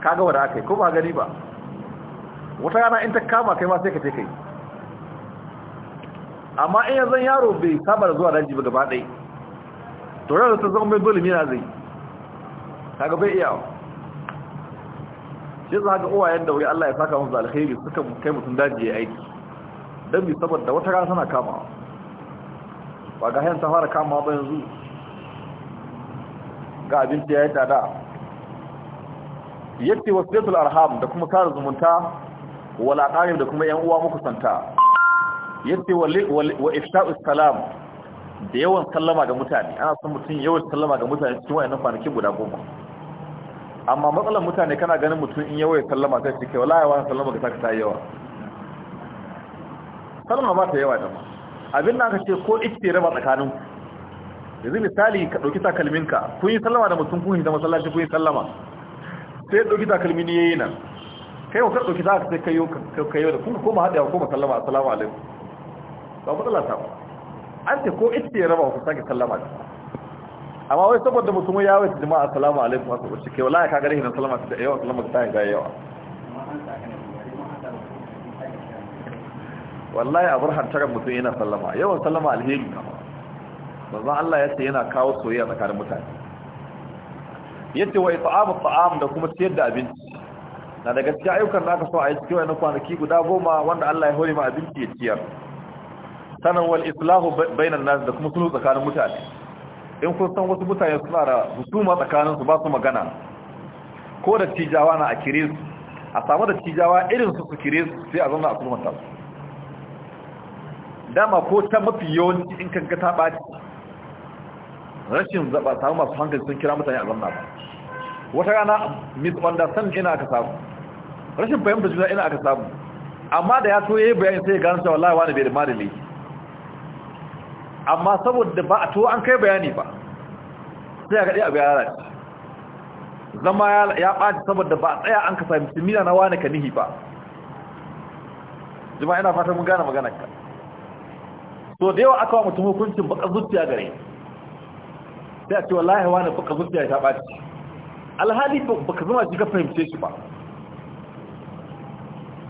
kaga wanda aka yi ko ba gani ba wata rana in ta kama kai ma sai ka ce kai amma in yanzu yaro bai saba da zuwa daji ba gaba ɗai to yaro ta zama mai bulimi na zai kaga bai iya shi za ga uwa yadda wuri Allah ya saka musu alkhairi suka kai mutum daji ya aiki don bi saboda wata rana tana kama ba ga hayan ta fara kama ba yanzu ga abinci ya yi tada yadda wasu arham da kuma kare zumunta wala da kuma yan uwa muku santa yace wa ifsha'us salam da yawan sallama ga mutane ana son mutum yawan sallama ga mutane cikin wayannan kwanaki guda goma amma matsalar mutane kana ganin mutum in yawan sallama sai cike wallahi wa sallama ga ta yawa sallama ba ta yawa da abin da aka ce ko ikke raba tsakanin yanzu misali ka dauki ka, kun yi sallama da mutum kun yi da masallaci kun yi sallama sai dauki takalmi ne yayin nan kai ka dauki za ka sai kai yau da kun koma hadawa koma sallama assalamu alaikum ba matsala ta ba an ce ko ita ya raba ku sake sallama ta amma wai saboda mutum ya wai jama'a assalamu alaikum wasu wacce ke wallahi ka gare hinan sallama ta yawa sallama ta ga yawa wallahi abar hantarar mutum yana sallama yawan sallama alheri Ba Allah ya ce yana kawo soyayya tsakanin mutane yace wa ita'amu ta'am da kuma ciyar da abinci na daga cikin ayyukan da aka so a yi cikin wani kwanaki guda goma wanda Allah ya hore ma abinci ya ciyar sanan wal islahu bainan nas da kuma sulhu tsakanin mutane in kun san wasu mutane suna da husuma tsakanin su ba su magana ko da tijawa na a kire su a samu da tijawa irin su su kire su sai a zauna a sulhunta su dama ko ta mafi yawanci in kanka ta ɓaci rashin zaba samu masu hankali sun kira mutane a zauna ba wata rana misunderstand ina aka samu rashin fahimta juna ina aka samu amma da ya so yayi bayani sai ya gano cewa wallahi wani bai da madali amma saboda ba a to an kai bayani ba sai ga dai abu ya lalace zama ya ɓaci saboda ba a tsaya an ka sami simina na wani ka nihi ba jima ina fatan mun gane maganar ka so da yawa aka wa mutum hukuncin baka zuciya gare sai a ce wallahi wani baka zuciya ta ɓaci alhali baka zama shi ka fahimce shi ba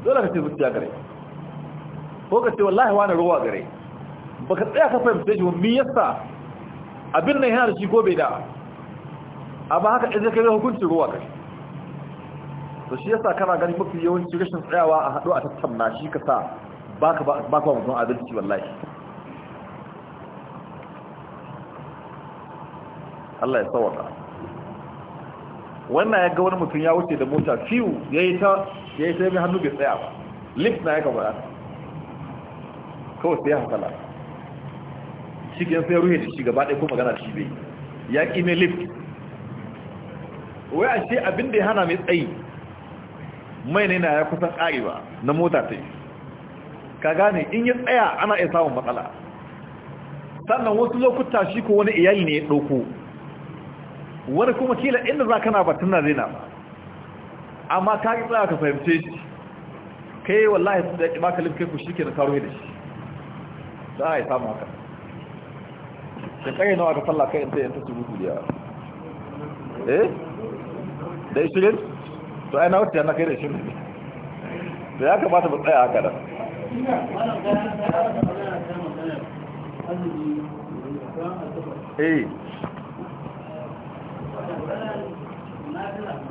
dole ka ce zuciya gare ko ka ce wallahi wani ruwa gare baka tsaya ka fahimta jihun, mi yasa abin nan yana da shi ko bai da amma haka in zaka yi hukunci ruwa kai to shi yasa kana gani mafi yawanci rashin tsayawa a haɗu a tattauna shi ka sa baka baka mutum adalci wallahi Allah ya sawaka wannan ya ga wani mutum ya wuce da mota fiyu ya yi ta yi ta hannu bai tsaya ba lift na ya gaba kawai sai ya hasala cikin sai ruhe da shi gaba ɗaya ko magana shi bai ya ƙi mai lift wai a ce abin da ya hana mai tsayi mai ne na ya kusan ba na mota ta yi ka gane in yi tsaya ana iya samun matsala sannan wasu lokuta shi ko wani iyali ne ya ɗauko wani kuma kila inda za ka na ba na zina ba amma ka ƙi tsaya ka fahimce shi kai wallahi sun da ya ƙi maka lifkai ku shi ke na karo da shi za a yi samun haka da kare nawa ka sallah kai sai ta subutu da eh da shirin to ai na wuce na kai da shirin to ya kamata mu tsaya haka da eh